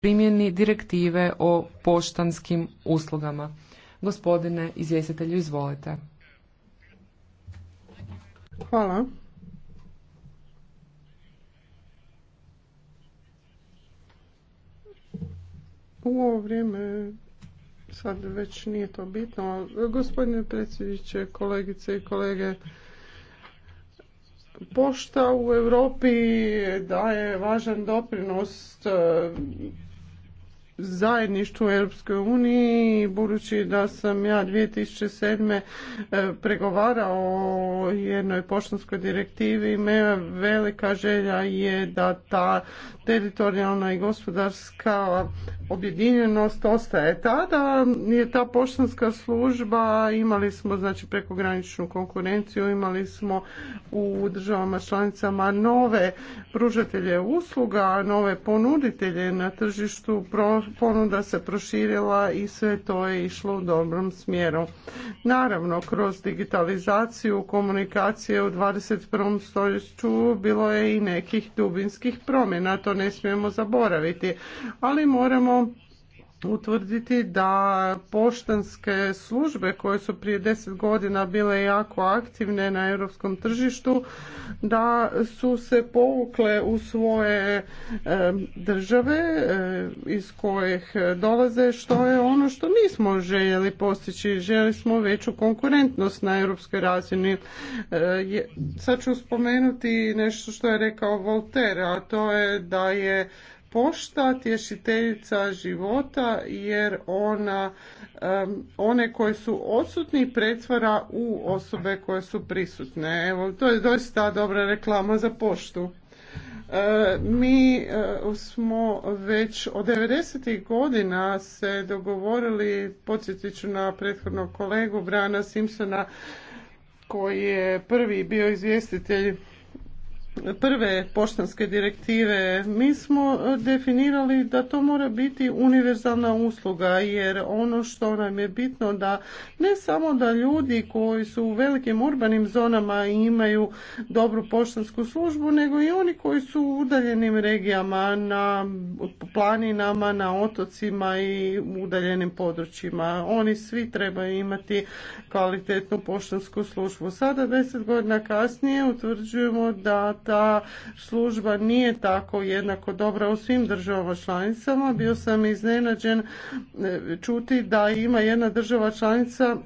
primjeni direktive o poštanskim uslugama. Gospodine izvjestitelju, izvolite. Hvala. U ovo vrijeme sad već nije to bitno. Gospodine predsjedniče, kolegice i kolege, pošta u Europi daje važan doprinos zajedništvu u Europskoj uniji budući da sam ja 2007. E, pregovarao o jednoj poštanskoj direktivi me velika želja je da ta teritorijalna i gospodarska objedinjenost ostaje. Tada je ta poštanska služba, imali smo znači prekograničnu konkurenciju, imali smo u državama članicama nove pružatelje usluga, nove ponuditelje na tržištu pro ponuda se proširila i sve to je išlo u dobrom smjeru. Naravno, kroz digitalizaciju komunikacije u 21. stoljeću bilo je i nekih dubinskih promjena, to ne smijemo zaboraviti, ali moramo utvrditi da poštanske službe koje su prije deset godina bile jako aktivne na europskom tržištu da su se povukle u svoje e, države e, iz kojih dolaze što je ono što nismo željeli postići željeli smo veću konkurentnost na europskoj razini e, sad ću spomenuti nešto što je rekao Volter, a to je da je pošta tješiteljica života jer ona one koje su odsutni pretvara u osobe koje su prisutne. Evo, to je doista dobra reklama za poštu. E, mi e, smo već od 90. godina se dogovorili, podsjetit ću na prethodnog kolegu Brana Simpsona koji je prvi bio izvjestitelj prve poštanske direktive, mi smo e, definirali da to mora biti univerzalna usluga jer ono što nam je bitno da ne samo da ljudi koji su u velikim urbanim zonama imaju dobru poštansku službu, nego i oni koji su u udaljenim regijama, na planinama, na otocima i udaljenim područjima. Oni svi trebaju imati kvalitetnu poštansku službu. Sada deset godina kasnije utvrđujemo da ta služba nije tako jednako dobra u svim državama članicama. Bio sam iznenađen e, čuti da ima jedna država članica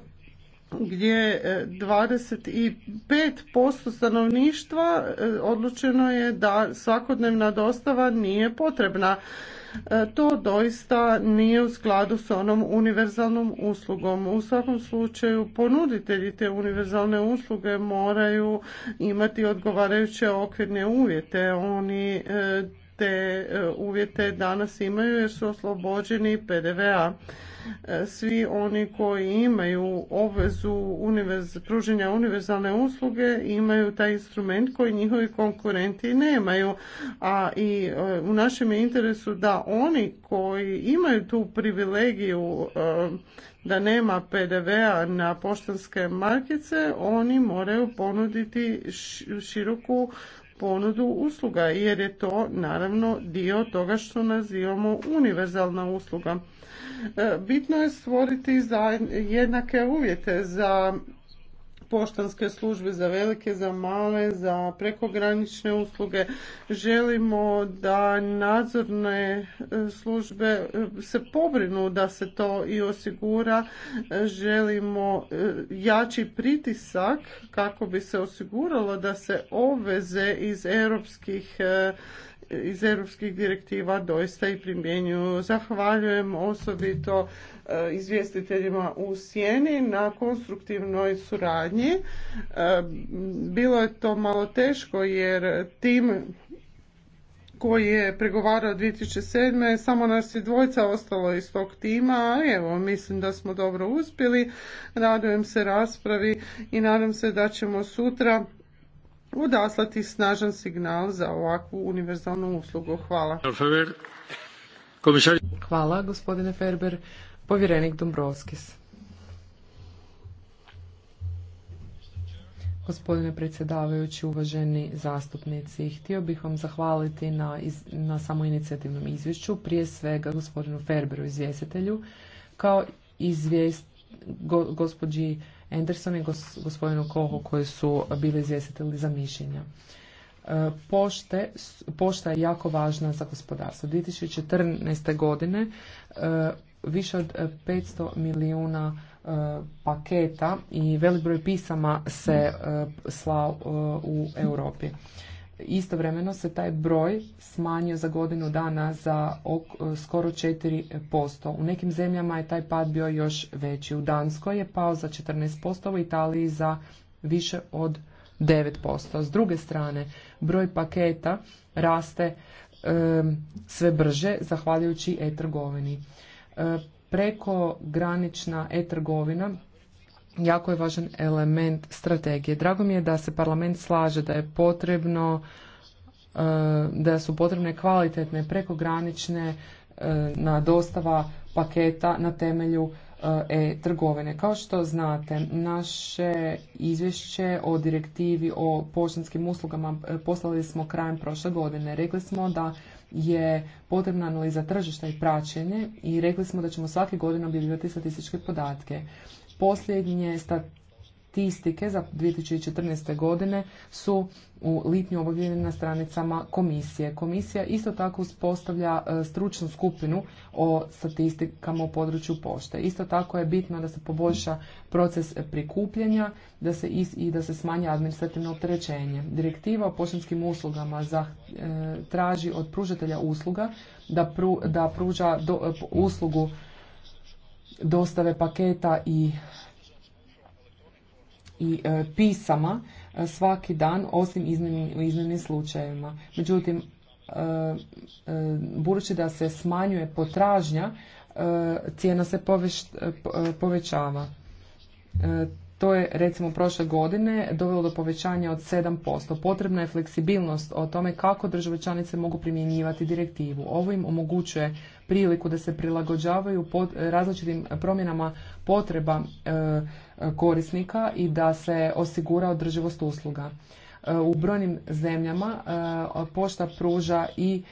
gdje 25% e, stanovništva e, odlučeno je da svakodnevna dostava nije potrebna E, to doista nije u skladu s onom univerzalnom uslugom. U svakom slučaju ponuditelji te univerzalne usluge moraju imati odgovarajuće okvirne uvjete. Oni e, te e, uvjete danas imaju jer su oslobođeni PDV-a. E, svi oni koji imaju obvezu univerz, pruženja univerzalne usluge imaju taj instrument koji njihovi konkurenti nemaju. A i e, u našem interesu da oni koji imaju tu privilegiju da nema PDV-a na poštanske markice, oni moraju ponuditi široku ponudu usluga jer je to naravno dio toga što nazivamo univerzalna usluga. E, bitno je stvoriti jednake uvjete za poštanske službe za velike, za male, za prekogranične usluge. Želimo da nadzorne e, službe e, se pobrinu da se to i osigura. Želimo e, jači pritisak kako bi se osiguralo da se obveze iz europskih iz europskih direktiva doista i primjenjuju. Zahvaljujem osobito e, izvjestiteljima u Sjeni na konstruktivnoj suradnji. E, bilo je to malo teško jer tim koji je pregovarao 2007. Samo nas je dvojca ostalo iz tog tima. Evo, mislim da smo dobro uspjeli. Radujem se raspravi i nadam se da ćemo sutra odaslati snažan signal za ovakvu univerzalnu uslugu. Hvala. Hvala, gospodine Ferber. Povjerenik Dombrovskis. Gospodine predsjedavajući, uvaženi zastupnici, htio bih vam zahvaliti na, iz, na samoinicijativnom izvješću, prije svega gospodinu Ferberu izvjestitelju, kao izvijest, go, gospođi Anderson i gospodinu Kohu koji su bili izvjestitelji za mišljenja. E, pošte, pošta je jako važna za gospodarstvo. 2014. godine e, više od 500 e, milijuna paketa i velik broj pisama se slao u Europi. Istovremeno se taj broj smanjio za godinu dana za skoro 4%. U nekim zemljama je taj pad bio još veći. U Danskoj je pao za 14%, u Italiji za više od 9%. S druge strane, broj paketa raste sve brže zahvaljujući e-trgovini. E, preko granična e-trgovina jako je važan element strategije. Drago mi je da se parlament slaže da je potrebno e, da su potrebne kvalitetne prekogranične e, na dostava paketa na temelju e, e-trgovine. Kao što znate, naše izvješće o direktivi o poštanskim uslugama poslali smo krajem prošle godine. Rekli smo da je potrebna analiza tržišta i praćenje i rekli smo da ćemo svake godine objavljivati statističke podatke. Posljednje statistike za 2014. godine su u lipnju objavljene na stranicama komisije. Komisija isto tako uspostavlja e, stručnu skupinu o statistikama u području pošte. Isto tako je bitno da se poboljša proces prikupljanja da se i da se smanje administrativno opterećenje. Direktiva o poštanskim uslugama za, e, traži od pružatelja usluga da, da pruža do, e, uslugu dostave paketa i i e, pisama e, svaki dan osim iznimnim slučajevima. Međutim, e, budući da se smanjuje potražnja, cijena se povećava. To je recimo prošle godine dovelo do povećanja od 7%. Potrebna je fleksibilnost o tome kako države članice mogu primjenjivati direktivu. Ovo im omogućuje priliku da se prilagođavaju pod različitim promjenama potreba e, korisnika i da se osigura održivost usluga. E, u brojnim zemljama e, pošta pruža i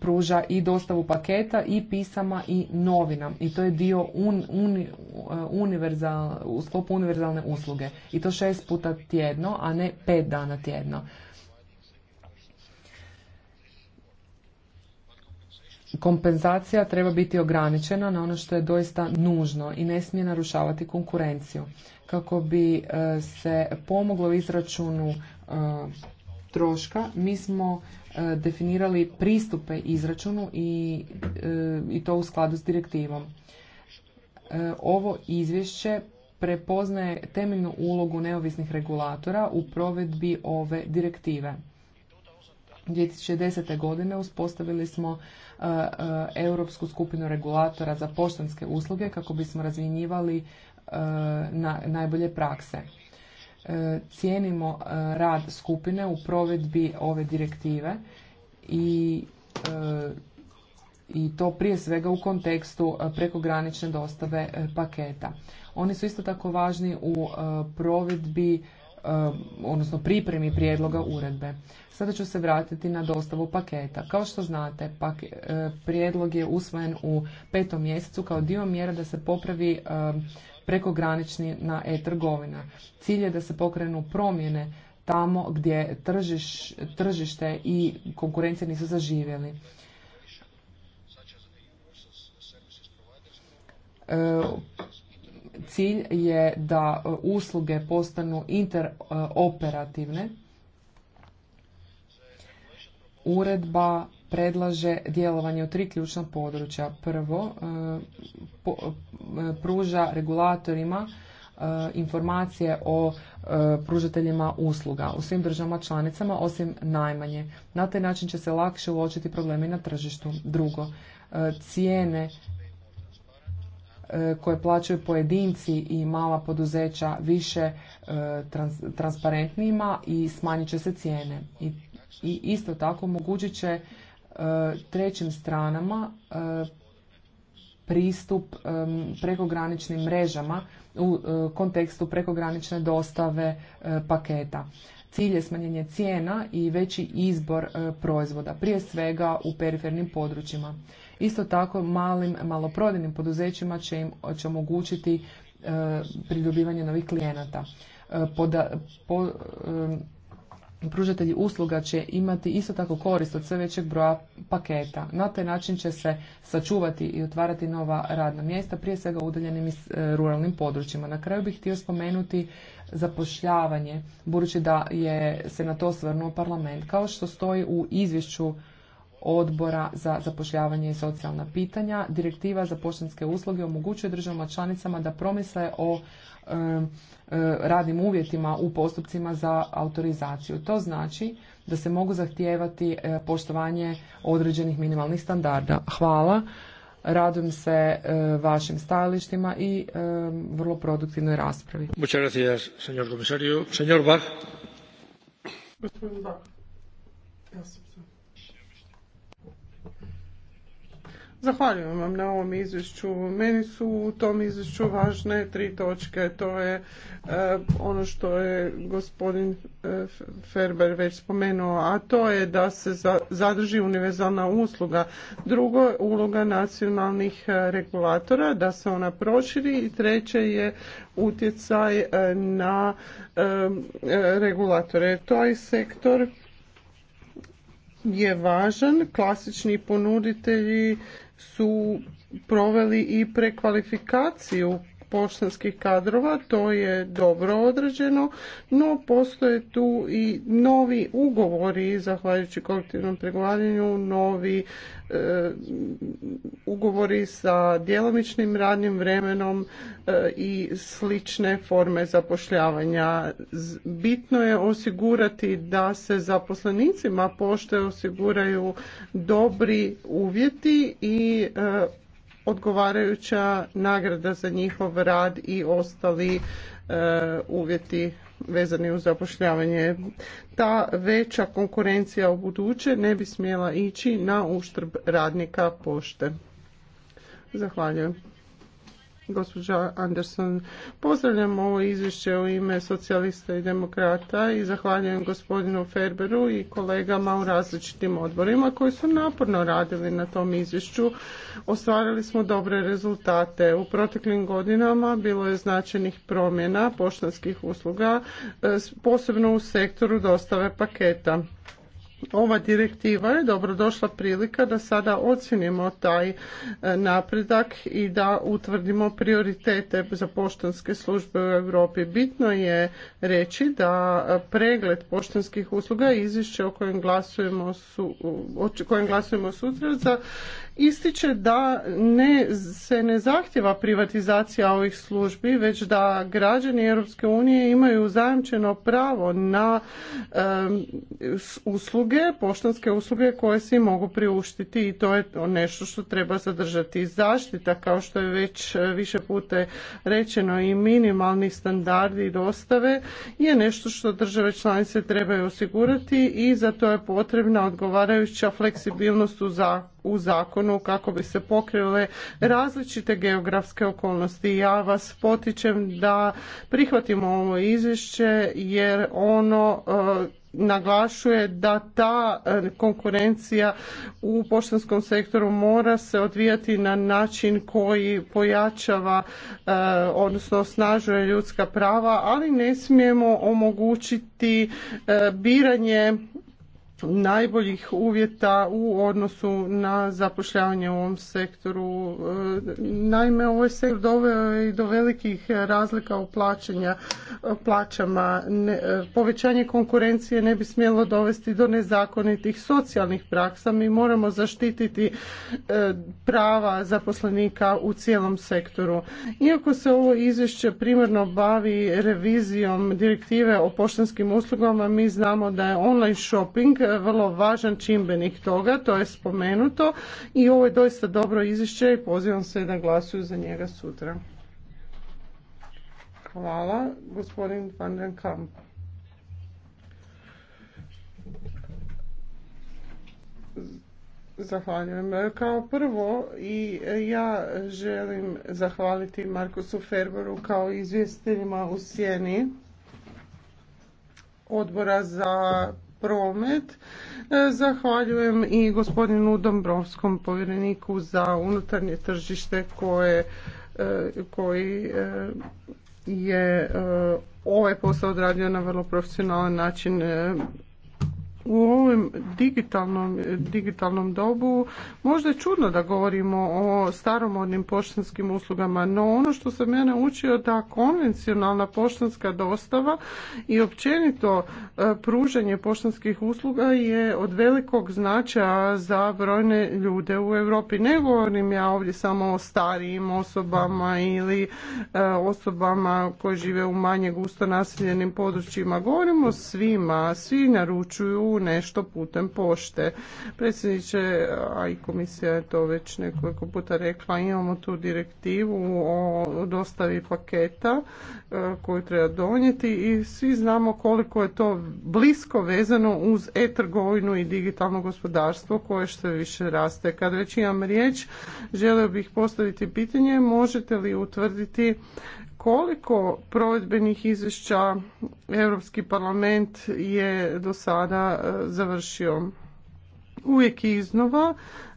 pruža i dostavu paketa i pisama i novina i to je dio un, uh, univerzal, u sklopu univerzalne usluge i to šest puta tjedno, a ne pet dana tjedno. Kompenzacija treba biti ograničena na ono što je doista nužno i ne smije narušavati konkurenciju. Kako bi uh, se pomoglo izračunu uh, troška, mi smo E, definirali pristupe izračunu i, e, i to u skladu s direktivom. E, ovo izvješće prepoznaje temeljnu ulogu neovisnih regulatora u provedbi ove direktive. 2010. godine uspostavili smo Europsku skupinu regulatora za poštanske usluge kako bismo razmjenjivali najbolje prakse. E, cijenimo e, rad skupine u provedbi ove direktive i e, i to prije svega u kontekstu prekogranične dostave paketa. Oni su isto tako važni u provedbi odnosno pripremi prijedloga uredbe. Sada ću se vratiti na dostavu paketa. Kao što znate, prijedlog je usvojen u petom mjesecu kao dio mjera da se popravi prekogranični na e-trgovina. Cilj je da se pokrenu promjene tamo gdje tržište i konkurencije nisu zaživjeli. E, cilj je da usluge postanu interoperativne. Uredba predlaže djelovanje u tri ključna područja. Prvo, e, e, pruža regulatorima e, informacije o pružateljima usluga u svim državama članicama osim najmanje. Na taj način će se lakše uočiti problemi na tržištu. Drugo, cijene koje plaćaju pojedinci i mala poduzeća više transparentnijima i smanjit će se cijene. I, i isto tako omogućit će E, trećim stranama e, pristup e, prekograničnim mrežama u kontekstu prekogranične dostave paketa. Cilj je smanjenje cijena i veći izbor proizvoda, prije svega u perifernim područjima. Isto tako malim maloprodajnim poduzećima će im će omogućiti pridobivanje novih klijenata. po, pružatelji usluga će imati isto tako korist od sve većeg broja paketa. Na taj način će se sačuvati i otvarati nova radna mjesta, prije svega u udaljenim i e, ruralnim područjima. Na kraju bih htio spomenuti zapošljavanje, budući da je se na to svrnuo parlament. Kao što stoji u izvješću odbora za zapošljavanje i socijalna pitanja. Direktiva za poštanske usluge omogućuje državama članicama da promisle o radnim uvjetima u postupcima za autorizaciju. To znači da se mogu zahtijevati e, poštovanje određenih minimalnih standarda. Hvala. Radujem se e, vašim stajalištima i vrlo produktivnoj raspravi. Muchas gracias, señor comisario. Señor Bach. Zahvaljujem vam na ovom izvješću. Meni su u tom izvješću važne tri točke. To je e, ono što je gospodin e, Ferber već spomenuo, a to je da se zadrži univerzalna usluga. Drugo je uloga nacionalnih e, regulatora, da se ona proširi i treće je utjecaj na regulatore. To sektor je važan, klasični ponuditelji su proveli i prekvalifikaciju poštanskih kadrova, to je dobro određeno, no postoje tu i novi ugovori, zahvaljujući kolektivnom pregovaranju, novi e, ugovori sa djelomičnim radnim vremenom e, i slične forme zapošljavanja. Bitno je osigurati da se zaposlenicima pošte osiguraju dobri uvjeti i e, odgovarajuća nagrada za njihov rad i ostali e, uvjeti vezani uz zapošljavanje. Ta veća konkurencija u buduće ne bi smjela ići na uštrb radnika pošte. Zahvaljujem gospođa Anderson. Pozdravljam ovo izvješće u ime socijalista i demokrata i zahvaljujem gospodinu Ferberu i kolegama u različitim odborima koji su naporno radili na tom izvješću. Ostvarili smo dobre rezultate. U proteklim godinama bilo je značajnih promjena poštanskih usluga, e, posebno u sektoru dostave paketa ova direktiva je dobrodošla prilika da sada ocjenimo taj e, napredak i da utvrdimo prioritete za poštanske službe u Europi. Bitno je reći da e, pregled poštanskih usluga i izvješće o kojem glasujemo, su, o kojem glasujemo sutra za ističe da ne, se ne zahtjeva privatizacija ovih službi, već da građani Europske unije imaju zajamčeno pravo na usluge, poštanske usluge koje si mogu priuštiti i to je nešto što treba zadržati. Zaštita, kao što je već više pute rečeno, i minimalni standardi i dostave je nešto što države članice trebaju osigurati i za to je potrebna odgovarajuća fleksibilnost u zakonu u zakonu kako bi se pokrile različite geografske okolnosti. Ja vas potičem da prihvatimo ovo izvješće jer ono e, naglašuje da ta e, konkurencija u poštanskom sektoru mora se odvijati na način koji pojačava e, odnosno osnažuje ljudska prava, ali ne smijemo omogućiti biranje najboljih uvjeta u odnosu na zapošljavanje u ovom sektoru. E, naime, ovaj sektor doveo je i do velikih razlika u plaćanja, plaćama. E, povećanje konkurencije ne bi smjelo dovesti do nezakonitih socijalnih praksa. Mi moramo zaštititi e, prava zaposlenika u cijelom sektoru. Iako se ovo izvješće primarno bavi revizijom direktive o poštanskim uslugama, mi znamo da je online shopping vrlo važan čimbenik toga, to je spomenuto i ovo je doista dobro izvješće i pozivam se da glasuju za njega sutra. Hvala, gospodin Van den Kamp. Zahvaljujem. Kao prvo i ja želim zahvaliti Markusu Ferberu kao izvjestiteljima u sjeni odbora za promet. E, zahvaljujem i gospodinu Dombrovskom povjereniku za unutarnje tržište koje, e, koji e, je ovaj posao odradio na vrlo profesionalan način u ovom digitalnom, digitalnom dobu možda je čudno da govorimo o staromodnim poštanskim uslugama, no ono što sam mene naučio da konvencionalna poštanska dostava i općenito e, pružanje poštanskih usluga je od velikog značaja za brojne ljude u Europi. Ne govorim ja ovdje samo o starijim osobama ili e, osobama koje žive u manje gusto naseljenim područjima. Govorimo svima, svi naručuju nešto putem pošte. Predsjedniče, a i komisija je to već nekoliko puta rekla, imamo tu direktivu o dostavi paketa e, koju treba donijeti i svi znamo koliko je to blisko vezano uz e-trgovinu i digitalno gospodarstvo koje što više raste. Kad već imam riječ, želio bih postaviti pitanje, možete li utvrditi koliko provedbenih izvješća Europski parlament je do sada e, završio. Uvijek iznova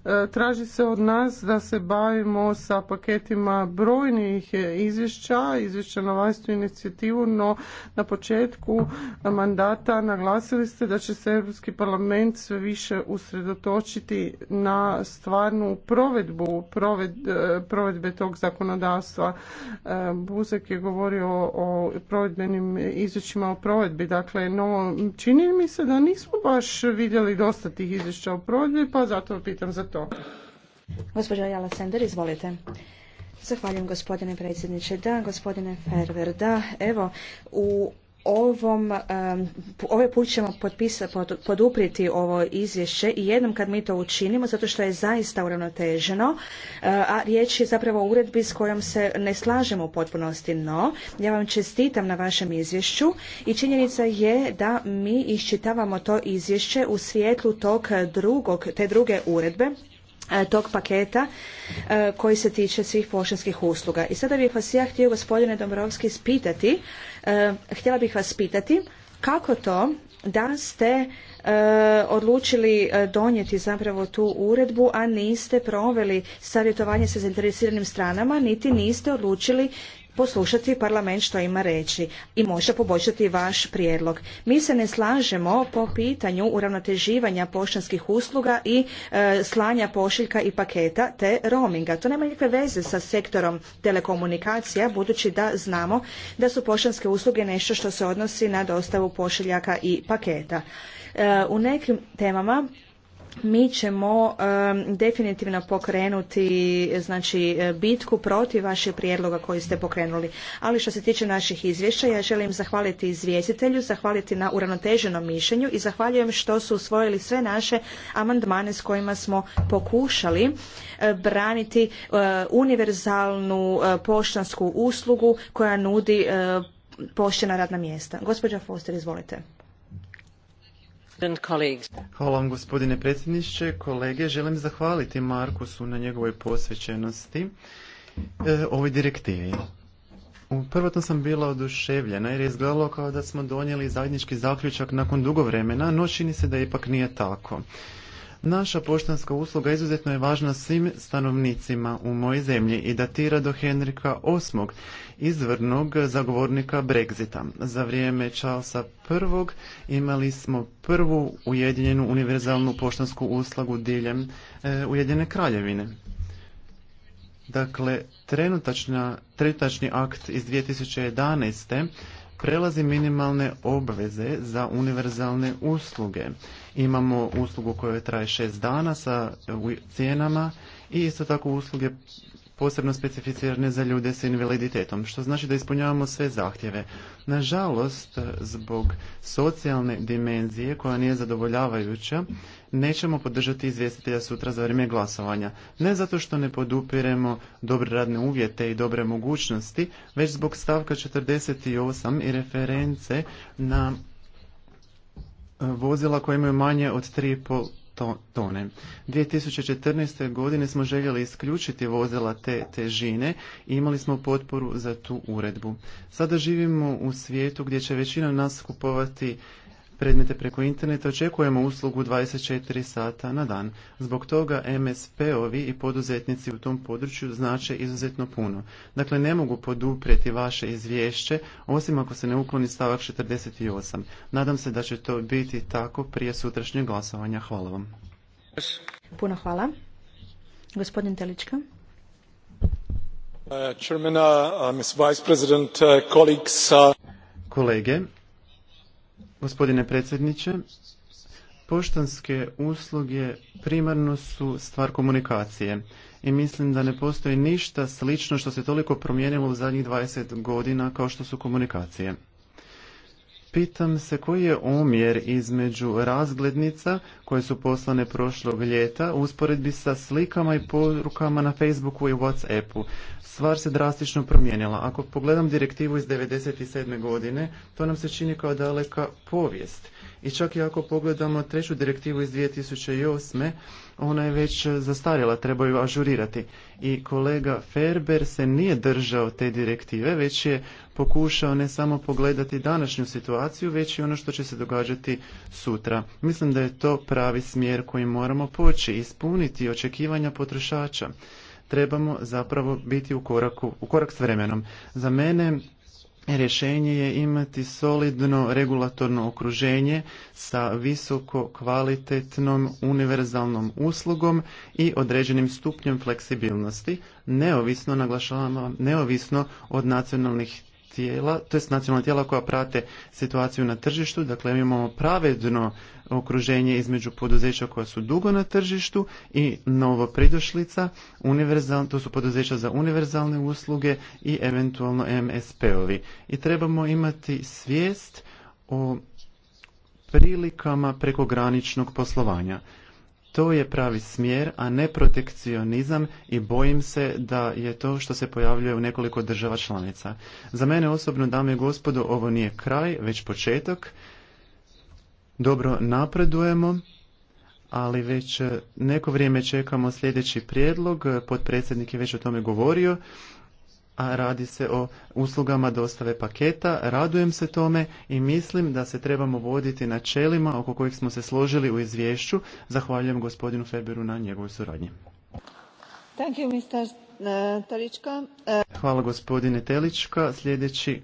E, traži se od nas da se bavimo sa paketima brojnih e, izvješća, izvješća na vlastnu inicijativu, no na početku mandata naglasili ste da će se Europski parlament sve više usredotočiti na stvarnu provedbu e, provedbe tog zakonodavstva. Buzek je govorio o provedbenim izvješćima o provedbi, dakle, no čini mi se da nismo baš vidjeli dosta tih izvješća o provedbi, pa zato pitam za to gospođo izvolite. Zahvaljujem gospodine predsjedniče. Da, gospodine Ferver, da, evo, u ovom, ove ovaj put ćemo podupriti ovo izvješće i jednom kad mi to učinimo, zato što je zaista uravnoteženo, e, a riječ je zapravo o uredbi s kojom se ne slažemo u potpunosti, no ja vam čestitam na vašem izvješću i činjenica je da mi iščitavamo to izvješće u svijetlu tog drugog, te druge uredbe E, tog paketa e, koji se tiče svih poštanskih usluga. I sada bih vas ja htio gospodine Dombrovski ispitati, e, htjela bih vas pitati kako to da ste odlučili donijeti zapravo tu uredbu, a niste proveli savjetovanje sa zainteresiranim stranama, niti niste odlučili poslušati parlament što ima reći i može poboljšati vaš prijedlog. Mi se ne slažemo po pitanju uravnoteživanja poštanskih usluga i e, slanja pošiljka i paketa te roaminga. To nema nikakve veze sa sektorom telekomunikacija budući da znamo da su poštanske usluge nešto što se odnosi na dostavu pošiljaka i paketa. E, u nekim temama mi ćemo definitivno pokrenuti znači bitku protiv vaših prijedloga koji ste pokrenuli. Ali što se tiče naših izvješća, ja želim zahvaliti izvjestitelju, zahvaliti na uravnoteženom mišljenju i zahvaljujem što su usvojili sve naše amandmane s kojima smo pokušali eh, braniti eh, univerzalnu eh, poštansku uslugu koja nudi poštena radna mjesta. Gospođa Foster, izvolite. Hvala vam gospodine predsjedniče, kolege. Želim zahvaliti Markusu na njegovoj posvećenosti e, ovoj direktivi. prvotno sam bila oduševljena jer je izgledalo kao da smo donijeli zajednički zaključak nakon dugo vremena, no čini se da ipak nije tako. Naša poštanska usluga izuzetno je važna svim stanovnicima u mojoj zemlji i datira do Henrika VIII, izvrnog zagovornika Brexita. Za vrijeme Charlesa I imali smo prvu ujedinjenu univerzalnu poštansku uslugu diljem e, Ujedinjene kraljevine. Dakle, trenutačni akt iz 2011. prelazi minimalne obveze za univerzalne usluge Imamo uslugu koja traje šest dana sa e, cijenama i isto tako usluge posebno specificirane za ljude s invaliditetom, što znači da ispunjavamo sve zahtjeve. Nažalost, zbog socijalne dimenzije koja nije zadovoljavajuća, nećemo podržati izvjestitelja sutra za vrijeme glasovanja. Ne zato što ne podupiremo dobre radne uvjete i dobre mogućnosti, već zbog stavka 48 i reference na vozila koje imaju manje od 3,5 tone. 2014. godine smo željeli isključiti vozila te težine i imali smo potporu za tu uredbu. Sada živimo u svijetu gdje će većina nas kupovati predmete preko interneta očekujemo uslugu 24 sata na dan. Zbog toga MSP-ovi i poduzetnici u tom području znače izuzetno puno. Dakle, ne mogu poduprijeti vaše izvješće, osim ako se ne ukloni stavak 48. Nadam se da će to biti tako prije sutrašnjeg glasovanja. Hvala vam. Puno hvala. Gospodin Telička. Uh, chairman, uh, um, Vice President, uh, colleagues, Kolege, Gospodine predsjedniče, poštanske usluge primarno su stvar komunikacije i mislim da ne postoji ništa slično što se toliko promijenilo u zadnjih 20 godina kao što su komunikacije. Pitam se koji je omjer između razglednica koje su poslane prošlog ljeta u usporedbi sa slikama i porukama na Facebooku i Whatsappu. Stvar se drastično promijenila. Ako pogledam direktivu iz 1997. godine, to nam se čini kao daleka povijest. I čak i ako pogledamo treću direktivu iz 2008 ona je već e, zastarjela, treba ju ažurirati. I kolega Ferber se nije držao te direktive, već je pokušao ne samo pogledati današnju situaciju, već i ono što će se događati sutra. Mislim da je to pravi smjer koji moramo poći, ispuniti očekivanja potrošača trebamo zapravo biti u koraku, u korak s vremenom. Za mene Rješenje je imati solidno regulatorno okruženje sa visoko kvalitetnom univerzalnom uslugom i određenim stupnjem fleksibilnosti, neovisno naglašavam, neovisno od nacionalnih tijela, to jest nacionalna tijela koja prate situaciju na tržištu, dakle imamo pravedno okruženje između poduzeća koja su dugo na tržištu i novo pridošlica, to su poduzeća za univerzalne usluge i eventualno MSP-ovi. I trebamo imati svijest o prilikama prekograničnog poslovanja. To je pravi smjer, a ne protekcionizam i bojim se da je to što se pojavljuje u nekoliko država članica. Za mene osobno, dame i gospodo, ovo nije kraj, već početak dobro napredujemo, ali već e, neko vrijeme čekamo sljedeći prijedlog, e, potpredsjednik je već o tome govorio, a radi se o uslugama dostave paketa. Radujem se tome i mislim da se trebamo voditi na oko kojih smo se složili u izvješću. Zahvaljujem gospodinu Feberu na njegovoj suradnji. Thank you, Mr. E, Hvala gospodine Telička. Sljedeći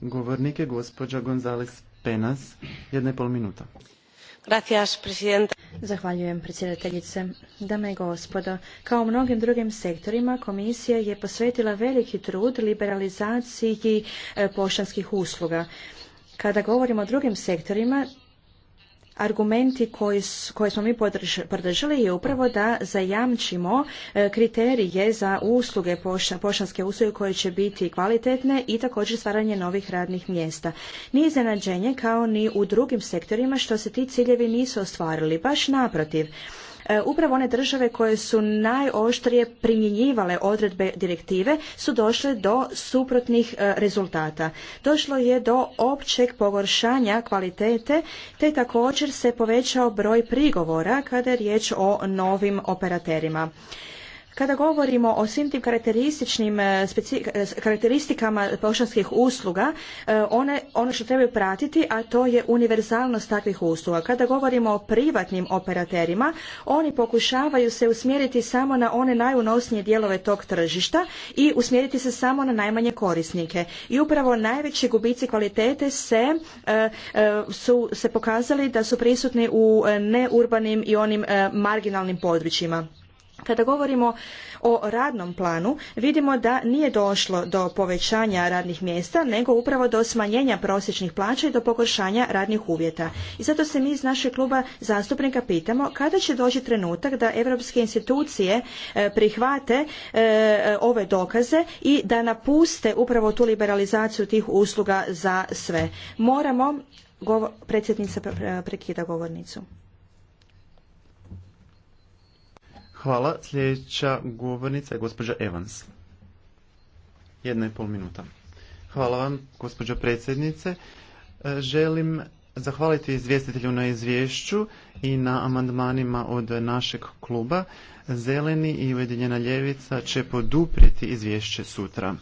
govornik je gospođa Gonzales Zahvaljujem Dame i gospodo, kao u mnogim drugim sektorima, komisija je posvetila veliki trud liberalizaciji e, poštanskih usluga. Kada govorimo o drugim sektorima, argumenti koji, koje smo mi podržali je upravo da zajamčimo e, kriterije za usluge poštanske usluge koje će biti kvalitetne i također stvaranje novih radnih mjesta. Nije iznenađenje kao ni u drugim sektorima što se ti ciljevi nisu ostvarili, baš naprotiv. E, upravo one države koje su najoštrije primjenjivale odredbe direktive su došle do suprotnih e, rezultata. Došlo je do općeg pogoršanja kvalitete te također se povećao broj prigovora kada je riječ o novim operaterima. Kada govorimo o svim tim karakterističnim e, e, karakteristikama poštanskih usluga, e, ono što trebaju pratiti, a to je univerzalnost takvih usluga. Kada govorimo o privatnim operaterima, oni pokušavaju se usmjeriti samo na one najunosnije dijelove tog tržišta i usmjeriti se samo na najmanje korisnike. I upravo najveći gubici kvalitete se, su se pokazali da su prisutni u neurbanim i onim marginalnim područjima. Kada govorimo o radnom planu, vidimo da nije došlo do povećanja radnih mjesta, nego upravo do smanjenja prosječnih plaća i do pogoršanja radnih uvjeta. I zato se mi iz našeg kluba zastupnika pitamo kada će doći trenutak da europske institucije e, prihvate e, ove dokaze i da napuste upravo tu liberalizaciju tih usluga za sve. Moramo, predsjednica prekida govornicu. Hvala. Sljedeća govornica je gospođa Evans. Jedna i pol minuta. Hvala vam, gospođo predsjednice. E, želim zahvaliti izvjestitelju na izvješću i na amandmanima od našeg kluba. Zeleni i Ujedinjena ljevica će poduprijeti izvješće sutra.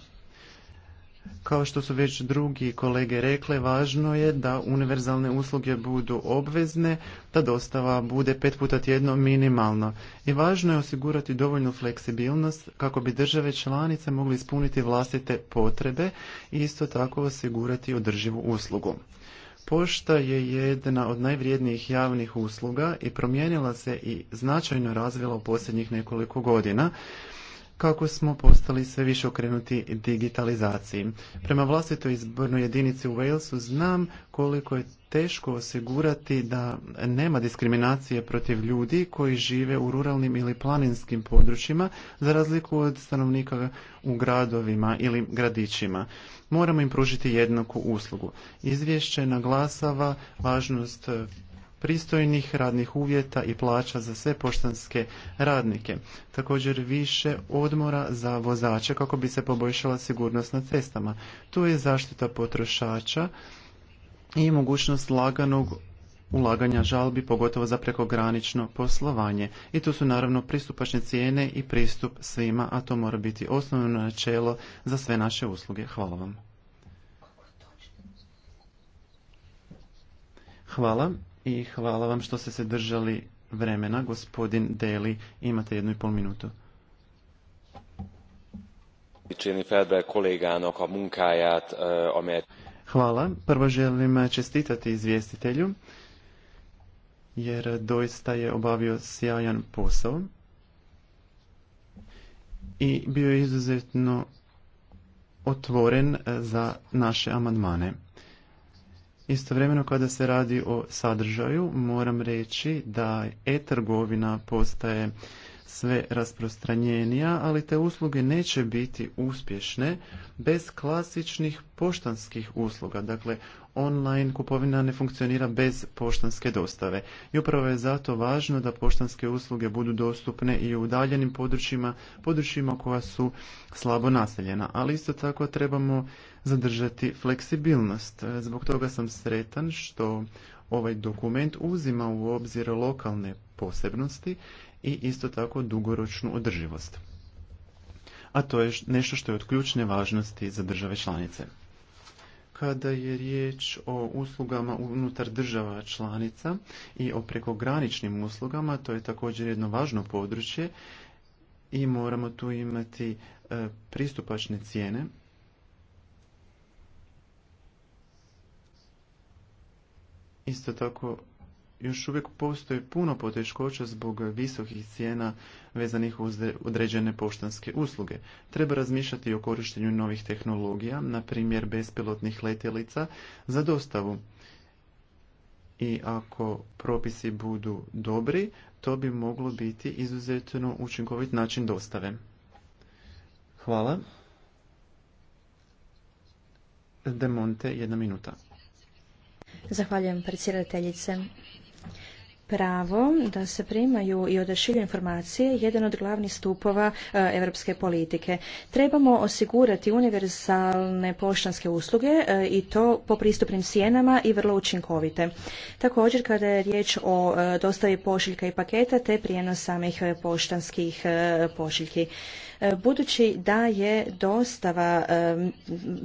Kao što su već drugi kolege rekle, važno je da univerzalne usluge budu obvezne, da dostava bude pet puta tjedno minimalno. I važno je osigurati dovoljnu fleksibilnost kako bi države članice mogli ispuniti vlastite potrebe i isto tako osigurati održivu uslugu. Pošta je jedna od najvrijednijih javnih usluga i promijenila se i značajno razvila u posljednjih nekoliko godina kako smo postali sve više okrenuti digitalizaciji. Prema vlastitoj izbornoj jedinici u Walesu znam koliko je teško osigurati da nema diskriminacije protiv ljudi koji žive u ruralnim ili planinskim područjima za razliku od stanovnika u gradovima ili gradićima. Moramo im pružiti jednaku uslugu. Izvješće naglasava važnost pristojnih radnih uvjeta i plaća za sve poštanske radnike. Također više odmora za vozače kako bi se poboljšala sigurnost na cestama. Tu je zaštita potrošača i mogućnost laganog ulaganja žalbi, pogotovo za prekogranično poslovanje. I tu su naravno pristupačne cijene i pristup svima, a to mora biti osnovno načelo za sve naše usluge. Hvala vam. Hvala i hvala vam što ste se držali vremena. Gospodin Deli, imate jednu i pol minutu. Hvala. Prvo želim čestitati izvjestitelju jer doista je obavio sjajan posao i bio je izuzetno otvoren e, za naše amandmane. Istovremeno kada se radi o sadržaju, moram reći da e-trgovina postaje sve rasprostranjenija, ali te usluge neće biti uspješne bez klasičnih poštanskih usluga. Dakle, online kupovina ne funkcionira bez poštanske dostave. I upravo je zato važno da poštanske usluge budu dostupne i u udaljenim područjima, područjima koja su slabo naseljena. Ali isto tako trebamo zadržati fleksibilnost. Zbog toga sam sretan što ovaj dokument uzima u obzir lokalne posebnosti i isto tako dugoročnu održivost. A to je nešto što je od ključne važnosti za države članice kada je riječ o uslugama unutar država članica i o prekograničnim uslugama, to je također jedno važno područje i moramo tu imati e, pristupačne cijene. Isto tako još uvijek postoji puno poteškoća zbog visokih cijena vezanih uz određene poštanske usluge. Treba razmišljati o korištenju novih tehnologija, na primjer bespilotnih letjelica, za dostavu. I ako propisi budu dobri, to bi moglo biti izuzetno učinkovit način dostave. Hvala. Demonte, jedna minuta. Zahvaljujem predsjedateljice pravo da se primaju i odašilju informacije jedan od glavnih stupova europske politike. Trebamo osigurati univerzalne poštanske usluge e, i to po pristupnim cijenama i vrlo učinkovite. Također kada je riječ o e, dostavi pošiljka i paketa te prijenos samih e, poštanskih pošiljki. Budući da je dostava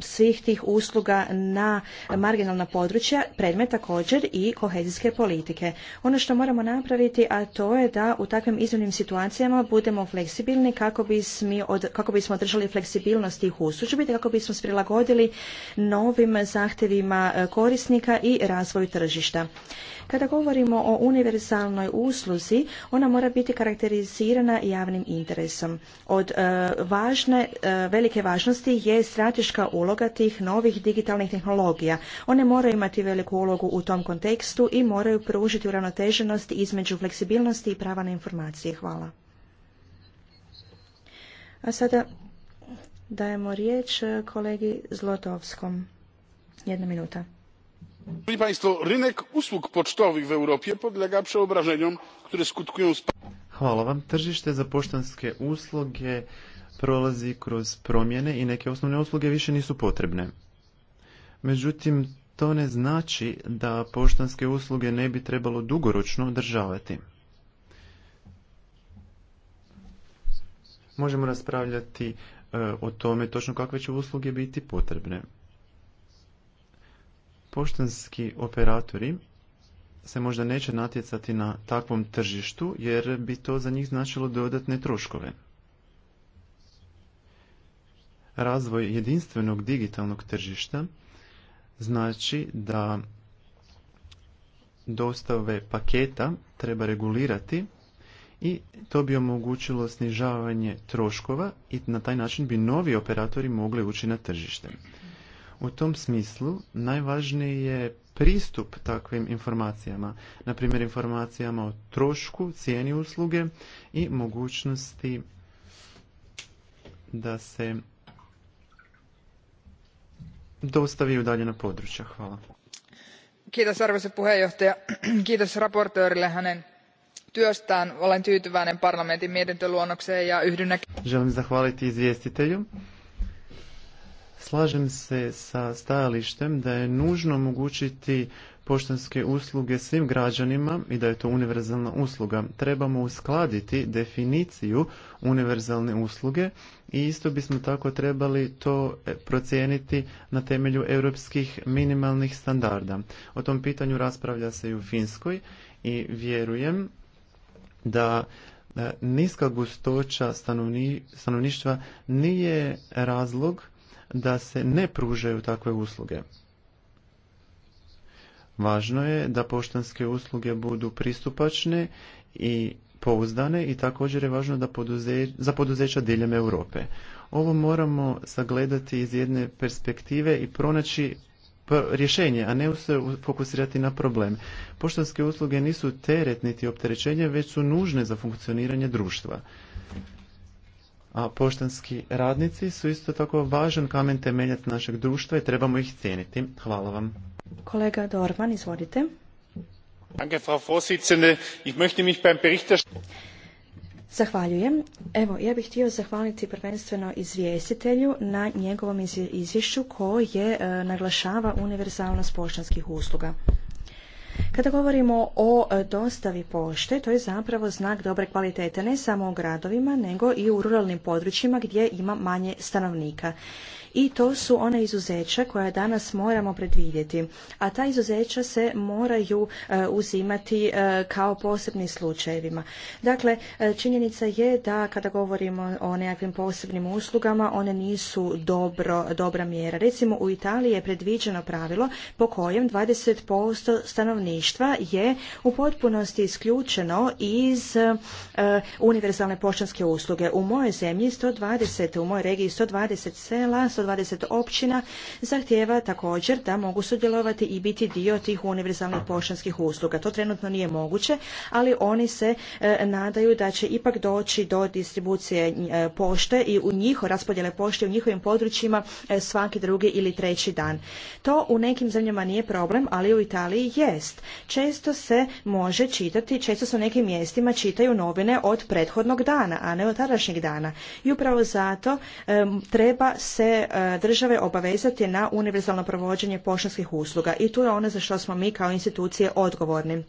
svih tih usluga na marginalna područja predmet također i kohezijske politike. Ono što moramo napraviti, a to je da u takvim iznimnim situacijama budemo fleksibilni kako, bismo od, kako bismo održali fleksibilnost tih uslužbi, kako bismo se prilagodili novim zahtjevima e, korisnika i razvoju tržišta. Kada govorimo o univerzalnoj usluzi, ona mora biti karakterizirana javnim interesom. Od e, važne, e, velike važnosti je strateška uloga tih novih digitalnih tehnologija. One moraju imati veliku ulogu u tom kontekstu i moraju pružiti ravnotežu uravnoteženost između fleksibilnosti i prava na informacije. Hvala. A sada dajemo riječ e, kolegi Zlotovskom. Jedna minuta. Szanowni Państwo, rynek usług pocztowych w Europie podlega przeobrażeniom, które skutkują... Hvala vam. Tržište za poštanske usluge prolazi kroz promjene i neke osnovne usluge više nisu potrebne. Međutim, to ne znači da poštanske usluge ne bi trebalo dugoročno održavati. Možemo raspravljati e, o tome točno kakve će usluge biti potrebne. Poštanski operatori se možda neće natjecati na takvom tržištu jer bi to za njih značilo dodatne troškove. Razvoj jedinstvenog digitalnog tržišta znači da dostave paketa treba regulirati i to bi omogućilo snižavanje troškova i na taj način bi novi operatori mogli ući na tržište. U tom smislu najvažniji je pristup takvim informacijama, na primjer informacijama o trošku, cijeni usluge i mogućnosti da se dostavi i udaljena područja. Hvala. Kiitos arvoisa puheenjohtaja. Kiitos raportöörille hänen työstään. Olen tyytyväinen parlamentin mietintöluonnokseen ja yhdyn Želim zahvaliti izvjestitelju. Slažem se sa stajalištem da je nužno omogućiti poštanske usluge svim građanima i da je to univerzalna usluga. Trebamo uskladiti definiciju univerzalne usluge i isto bismo tako trebali to e, procijeniti na temelju europskih minimalnih standarda. O tom pitanju raspravlja se i u Finskoj i vjerujem da e, niska gustoća stanovništva nije razlog da se ne pružaju takve usluge. Važno je da poštanske usluge budu pristupačne i pouzdane i također je važno da za poduzeća diljem Europe. Ovo moramo sagledati iz jedne perspektive i pronaći rješenje, a ne se fokusirati na problem. Poštanske usluge nisu teret niti opterećenje, već su nužne za funkcioniranje društva a poštanski radnici su isto tako važan kamen temeljac našeg društva i trebamo ih cijeniti. Hvala vam. Kolega Dorman, izvolite. Danke, Frau Vorsitzende. Ich möchte mich beim Zahvaljujem. Evo, ja bih htio zahvaliti prvenstveno izvjestitelju na njegovom izvješću koje je naglašava univerzalnost poštanskih usluga. Kada govorimo o e, dostavi pošte, to je zapravo znak dobre kvalitete ne samo u gradovima, nego i u ruralnim područjima gdje ima manje stanovnika i to su ona izuzeća koja danas moramo predvidjeti. A ta izuzeća se moraju e, uzimati e, kao posebni slučajevima. Dakle, e, činjenica je da kada govorimo o nekakvim posebnim uslugama, one nisu dobro, dobra mjera. Recimo u Italiji je predviđeno pravilo po kojem 20% stanovništva je u potpunosti isključeno iz univerzalne poštanske usluge. U mojoj zemlji 120, u mojoj regiji 120 sela, 120 općina zahtjeva također da mogu sudjelovati i biti dio tih univerzalnih poštanskih usluga. To trenutno nije moguće, ali oni se e, nadaju da će ipak doći do distribucije e, pošte i u njiho raspodjele pošte u njihovim područjima e, svaki drugi ili treći dan. To u nekim zemljama nije problem, ali u Italiji jest. Često se može čitati, često se u nekim mjestima čitaju novine od prethodnog dana, a ne od tadašnjeg dana. I upravo zato treba se E, države obavezati na univerzalno provođenje poštanskih usluga i tu je ono za što smo mi kao institucije odgovorni.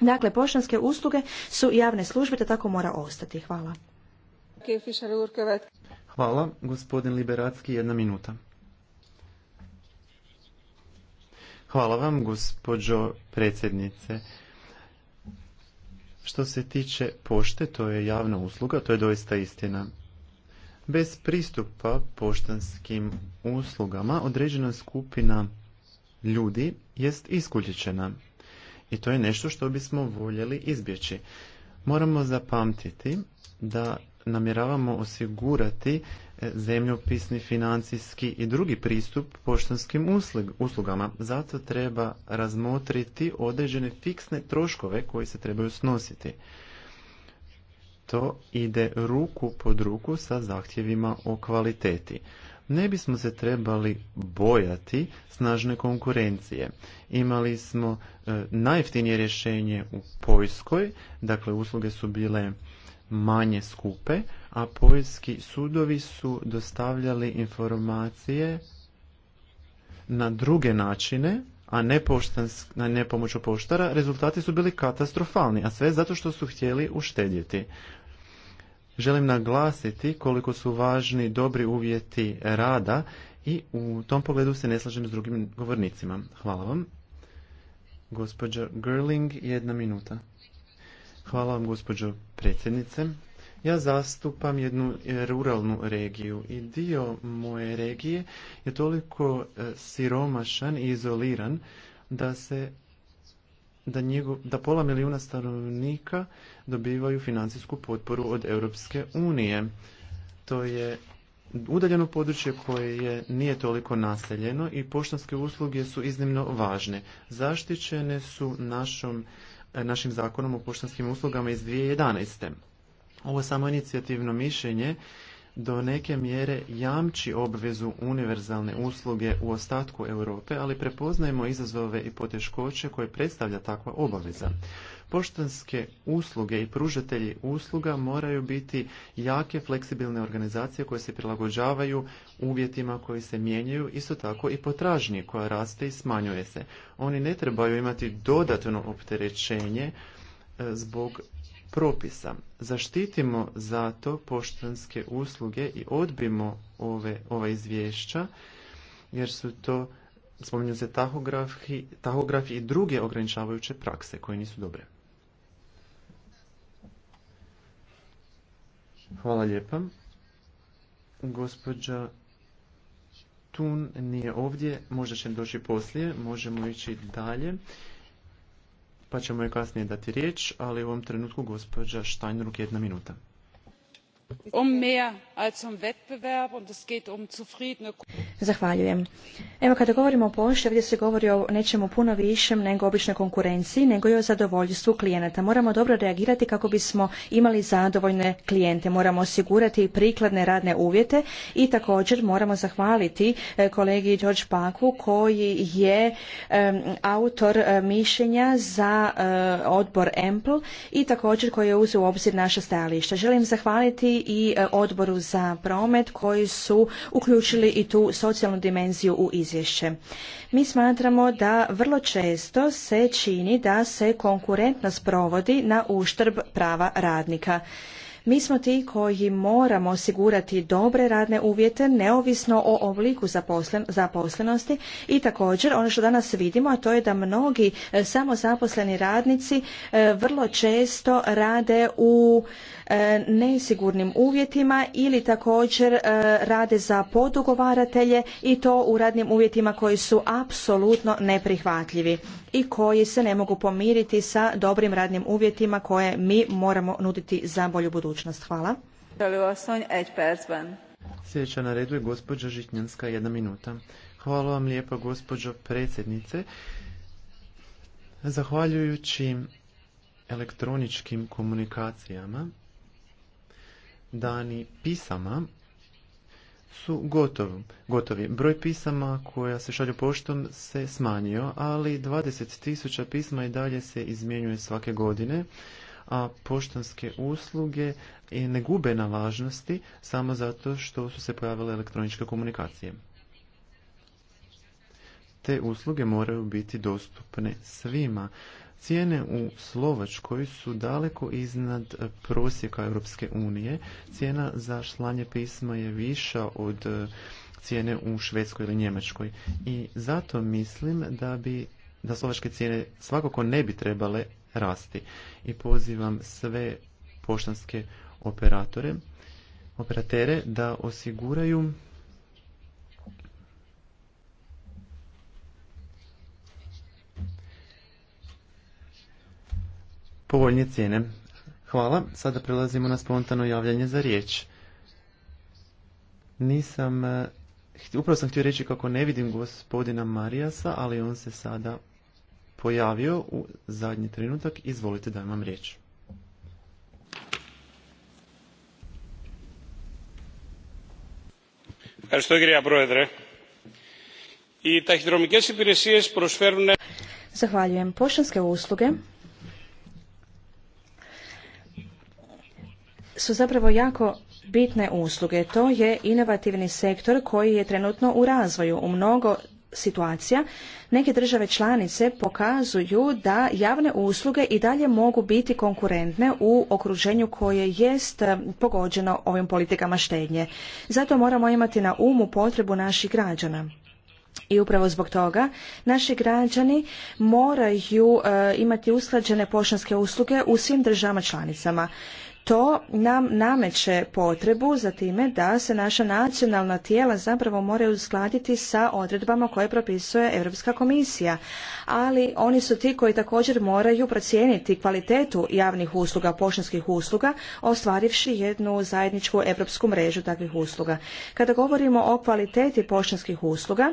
Dakle, poštanske usluge su javne službe, da tako mora ostati. Hvala. Hvala. Gospodin Liberacki, jedna minuta. Hvala vam, gospođo predsjednice. Što se tiče pošte, to je javna usluga, to je doista istina. Bez pristupa poštanskim uslugama određena skupina ljudi jest isključena. I to je nešto što bismo voljeli izbjeći. Moramo zapamtiti da namjeravamo osigurati e, zemljopisni, financijski i drugi pristup poštanskim uslugama. Zato treba razmotriti određene fiksne troškove koji se trebaju snositi to ide ruku pod ruku sa zahtjevima o kvaliteti. Ne bismo se trebali bojati snažne konkurencije. Imali smo e, najjeftinije rješenje u Poljskoj, dakle usluge su bile manje skupe, a poljski sudovi su dostavljali informacije na druge načine, a ne, poštans, ne pomoću poštara, rezultati su bili katastrofalni, a sve zato što su htjeli uštedjeti. Želim naglasiti koliko su važni dobri uvjeti rada i u tom pogledu se ne slažem s drugim govornicima. Hvala vam. Gospođa Gerling, jedna minuta. Hvala vam, gospođo predsjednice. Ja zastupam jednu ruralnu regiju i dio moje regije je toliko e, siromašan i izoliran da se da, da pola milijuna stanovnika dobivaju financijsku potporu od Europske unije. To je udaljeno područje koje je, nije toliko naseljeno i poštanske usluge su iznimno važne. Zaštićene su našom, eh, našim zakonom o poštanskim uslugama iz 2011. Ovo samo inicijativno mišljenje do neke mjere jamči obvezu univerzalne usluge u ostatku Europe, ali prepoznajemo izazove i poteškoće koje predstavlja takva obaveza. Poštanske usluge i pružatelji usluga moraju biti jake, fleksibilne organizacije koje se prilagođavaju uvjetima koji se mijenjaju, isto tako i potražnji koja raste i smanjuje se. Oni ne trebaju imati dodatno opterećenje e, zbog propisa. Zaštitimo zato poštanske usluge i odbimo ove, ova izvješća jer su to spominju se tahografi, tahografi i druge ograničavajuće prakse koje nisu dobre. Hvala lijepa. Gospođa Tun nije ovdje, možda će doći poslije, možemo ići dalje pa ćemo je kasnije dati riječ, ali u ovom trenutku gospođa Štajnruk jedna minuta. Um Zahvaljujem. Evo, kada govorimo o pošti, ovdje se govori o nečemu puno višem nego običnoj konkurenciji, nego i o zadovoljstvu klijenata. Moramo dobro reagirati kako bismo imali zadovoljne klijente. Moramo osigurati prikladne radne uvjete i također moramo zahvaliti e, kolegi George Paku koji je autor e, mišljenja za e, odbor EMPL i također koji je uzeo u obzir naša stajališta. Želim zahvaliti i e, odboru za promet koji su uključili i tu socijalnu dimenziju u izvješće. Mi smatramo da vrlo često se čini da se konkurentnost provodi na uštrb prava radnika. Mi smo ti koji moramo osigurati dobre radne uvjete neovisno o obliku zaposlenosti i također ono što danas vidimo, a to je da mnogi e, samozaposleni radnici e, vrlo često rade u E, nesigurnim uvjetima ili također e, rade za podugovaratelje i to u radnim uvjetima koji su apsolutno neprihvatljivi i koji se ne mogu pomiriti sa dobrim radnim uvjetima koje mi moramo nuditi za bolju budućnost. Hvala. Sljedeća na redu je gospođa Žitnjanska, jedna minuta. Hvala vam lijepa gospođo predsjednice. Zahvaljujući elektroničkim komunikacijama dani pisama su gotov, gotovi. Broj pisama koja se šalju poštom se smanjio, ali 20.000 pisma i dalje se izmjenjuje svake godine, a poštanske usluge ne gube na važnosti samo zato što su se pojavile elektroničke komunikacije. Te usluge moraju biti dostupne svima. Cijene u Slovačkoj su daleko iznad prosjeka Europske unije. Cijena za šlanje pisma je viša od e, cijene u Švedskoj ili Njemačkoj. I zato mislim da bi da slovačke cijene svakako ne bi trebale rasti. I pozivam sve poštanske operatore, operatere da osiguraju povoljnije cijene. Hvala. Sada prelazimo na spontano javljanje za riječ. Nisam, eh, upravo sam htio reći kako ne vidim gospodina Marijasa, ali on se sada pojavio u zadnji trenutak. Izvolite da imam riječ. Zahvaljujem. Poštanske usluge su zapravo jako bitne usluge. To je inovativni sektor koji je trenutno u razvoju. U mnogo situacija neke države članice pokazuju da javne usluge i dalje mogu biti konkurentne u okruženju koje jest eh, pogođeno ovim politikama štednje. Zato moramo imati na umu potrebu naših građana. I upravo zbog toga naši građani moraju eh, imati usklađene poštanske usluge u svim državama članicama to nam nameće potrebu za time da se naša nacionalna tijela zapravo moraju uskladiti sa odredbama koje propisuje Europska komisija. Ali oni su ti koji također moraju procijeniti kvalitetu javnih usluga, poštanskih usluga, ostvarivši jednu zajedničku europsku mrežu takvih usluga. Kada govorimo o kvaliteti poštanskih usluga,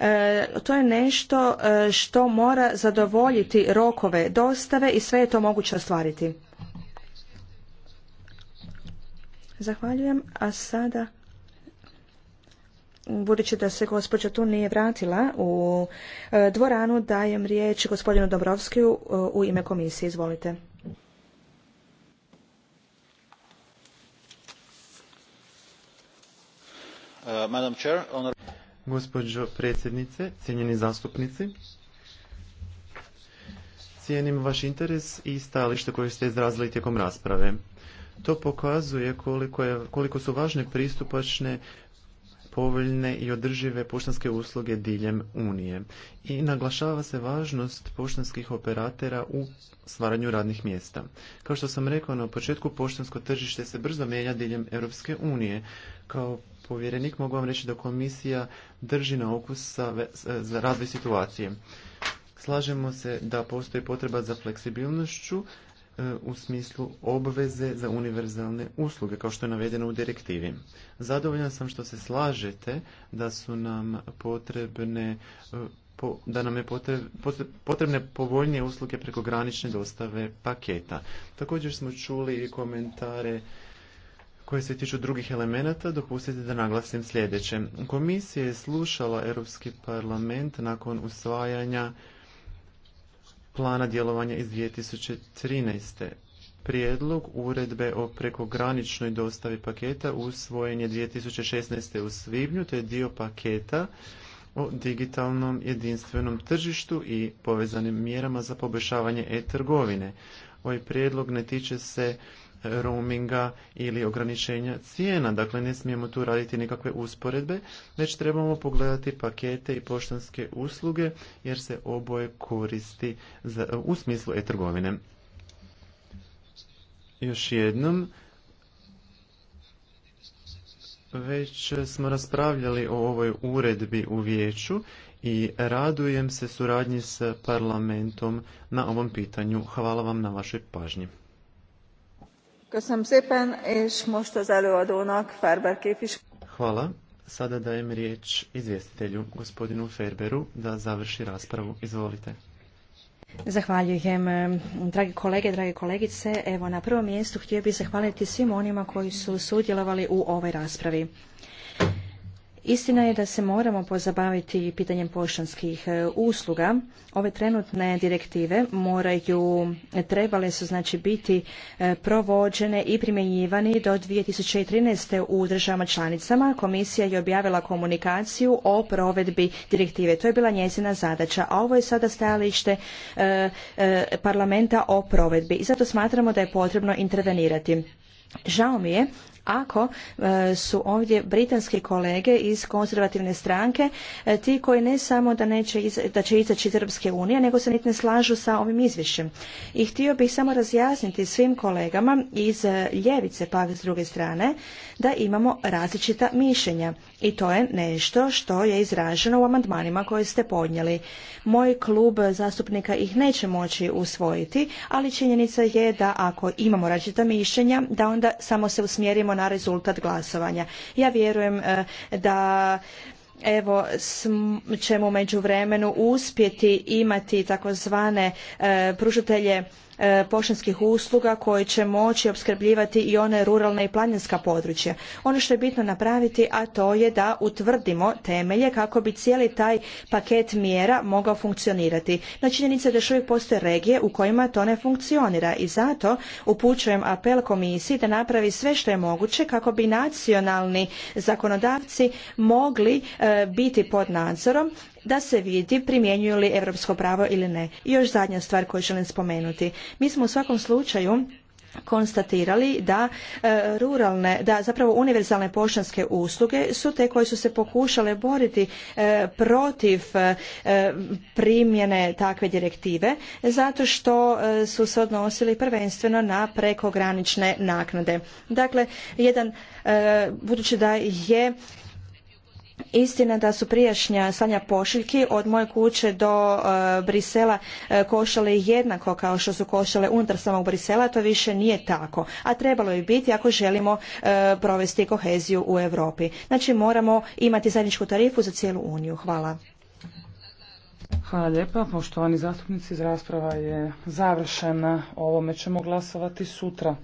e, to je nešto e, što mora zadovoljiti rokove dostave i sve je to moguće ostvariti. Zahvaljujem, a sada budući da se gospođa tu nije vratila u e, dvoranu, dajem riječ gospodinu Dobrovskiju e, u ime komisije. Izvolite. Uh, Madam predsjednice, cijenjeni zastupnici, cijenim vaš interes i stajalište koje ste izrazili tijekom rasprave. To pokazuje koliko, je, koliko su važne pristupačne povoljne i održive poštanske usluge diljem Unije i naglašava se važnost poštanskih operatera u stvaranju radnih mjesta. Kao što sam rekao na početku, poštansko tržište se brzo mijenja diljem Europske unije. Kao povjerenik mogu vam reći da komisija drži na okus za razvoj situacije. Slažemo se da postoji potreba za fleksibilnošću E, u smislu obveze za univerzalne usluge, kao što je navedeno u direktivi. Zadovoljan sam što se slažete da su nam potrebne e, da nam je potrebne povoljnije usluge preko granične dostave paketa. Također smo čuli i komentare koje se tiču drugih elemenata, dopustite da naglasim sljedeće. Komisija je slušala Europski parlament nakon usvajanja plana djelovanja iz 2013. Prijedlog uredbe o prekograničnoj dostavi paketa usvojen je 2016. u svibnju, to je dio paketa o digitalnom jedinstvenom tržištu i povezanim mjerama za poboljšavanje e-trgovine. Ovaj prijedlog ne tiče se roaminga ili ograničenja cijena. Dakle, ne smijemo tu raditi nikakve usporedbe, već trebamo pogledati pakete i poštanske usluge jer se oboje koristi za, u smislu e-trgovine. Još jednom, već smo raspravljali o ovoj uredbi u vijeću i radujem se suradnji s parlamentom na ovom pitanju. Hvala vam na vašoj pažnji. Hvala. Sada dajem riječ izvjestitelju, gospodinu Ferberu, da završi raspravu. Izvolite. Zahvaljujem. Dragi kolege, drage kolegice, evo na prvom mjestu htio bih zahvaliti svim onima koji su sudjelovali u ovoj raspravi. Istina je da se moramo pozabaviti pitanjem poštanskih e, usluga. Ove trenutne direktive moraju, e, trebale su znači biti e, provođene i primjenjivani do 2013. u državama članicama. Komisija je objavila komunikaciju o provedbi direktive. To je bila njezina zadaća, a ovo je sada stajalište parlamenta o provedbi. I zato smatramo da je potrebno intervenirati. Žao mi je ako e, su ovdje britanski kolege iz konzervativne stranke e, ti koji ne samo da, neće će izaći iz Europske unije, nego se niti ne slažu sa ovim izvješćem. I htio bih samo razjasniti svim kolegama iz e, ljevice, pak s druge strane, da imamo različita mišljenja i to je nešto što je izraženo u amandmanima koje ste podnijeli. Moj klub zastupnika ih neće moći usvojiti, ali činjenica je da ako imamo različita mišljenja, da onda samo se usmjerimo na rezultat glasovanja. Ja vjerujem e, da evo ćemo u međuvremenu uspjeti imati takozvane e, pružatelje E, poštanskih usluga koji će moći opskrbljivati i one ruralna i planinska područja. Ono što je bitno napraviti, a to je da utvrdimo temelje kako bi cijeli taj paket mjera mogao funkcionirati. No činjenica je da još uvijek postoje regije u kojima to ne funkcionira i zato upućujem apel komisiji da napravi sve što je moguće kako bi nacionalni zakonodavci mogli e, biti pod nadzorom da se vidi primjenjuju li europsko pravo ili ne. I još zadnja stvar koju želim spomenuti. Mi smo u svakom slučaju konstatirali da e, ruralne, da zapravo univerzalne poštanske usluge su te koje su se pokušale boriti e, protiv e, primjene takve direktive zato što su se odnosili prvenstveno na prekogranične naknade. Dakle, jedan budući da je Istina da su prijašnja slanja pošiljki od moje kuće do e, Brisela e, košale jednako kao što su košale unutar samog Brisela, to više nije tako. A trebalo bi biti ako želimo e, provesti koheziju u Europi. Znači moramo imati zajedničku tarifu za cijelu Uniju. Hvala. Hvala Poštovani zastupnici, rasprava je završena. ovome ćemo glasovati sutra.